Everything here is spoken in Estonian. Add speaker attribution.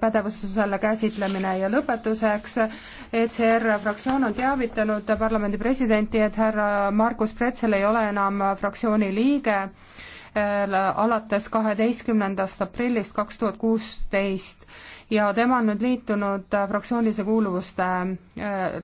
Speaker 1: pädevuses selle käsitlemine ja lõpetuseks ECR fraktsioon on teavitanud parlamendi presidenti, et härra Margus Pretzel ei ole enam fraktsiooni liige äh, alates kaheteistkümnendast aprillist kaks tuhat kuusteist ja tema on nüüd liitunud fraktsioonilise kuuluvuste äh,